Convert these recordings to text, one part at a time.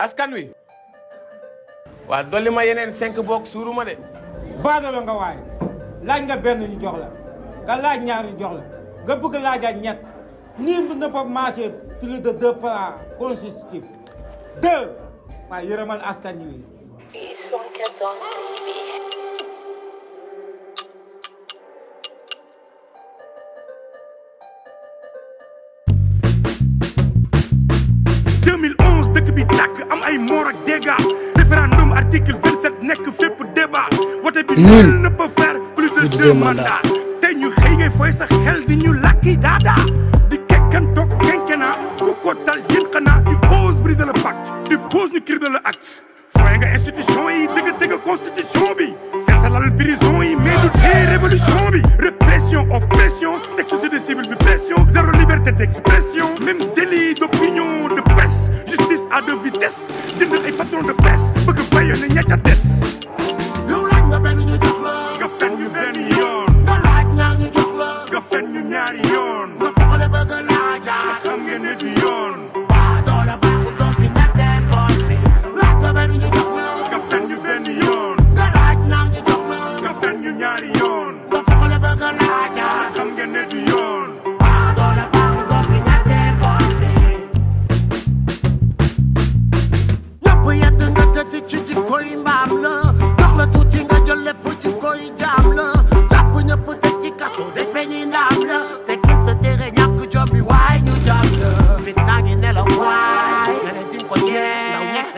askan wi wa doli ma yenen 5 bok suruma de badalo nga way laaj nga ben ñu jox la ga laaj ñaar ñu jox la ga bëgg laaj ak ñet ni mu ne pa marché plus de 2 plan consistif 2 ma yeuremal askan wi 814 nul plus de deux mandats te ñu xëy ngay fooy sa xel di ñu làkki dada. di kekkan toog kenkenaa ku ko dal jën tu oses briser le pacte tu poses ñu crible le acte fooy nga institution yi dëgg la constitution bi la prison yi mets du tee révolution bi répression oppression teg des civils, bi pression zéro liberté d'expression même délit d'opinion de presse justice à deux vitesses jëndal ay patron de presse bëgg bayoone ña ca des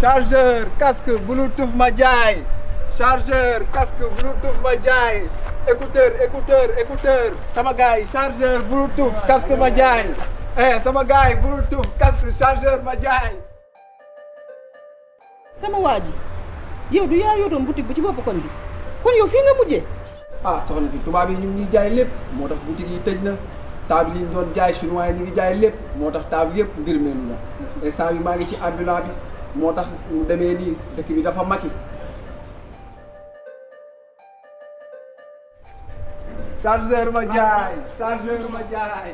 chargeur casque bluetooth ma jaay chargeur casque bluetooth ma jaay écouteur écouteur écouteur sama gars yi chargeur bluetooth casque ma jaay eh sama gars yi bluetooth casque chargeur ma jaay. sama waa ji yow du yaa yoroon boutique bu ci bopp kon bi kon yow fii nga mujjee. ah soxna si tubaab yi ñu ngi ñuy jaay lépp moo tax boutique yi tëj na table yi ñu doon jaay chinois yi ngi jaay lépp moo tax table yëpp ngir mel na instant bi maa ngi ci ambulant bi. moo tax mu demee nii dëkk bi dafa maki chargeur ma jaay chargeur ma jaay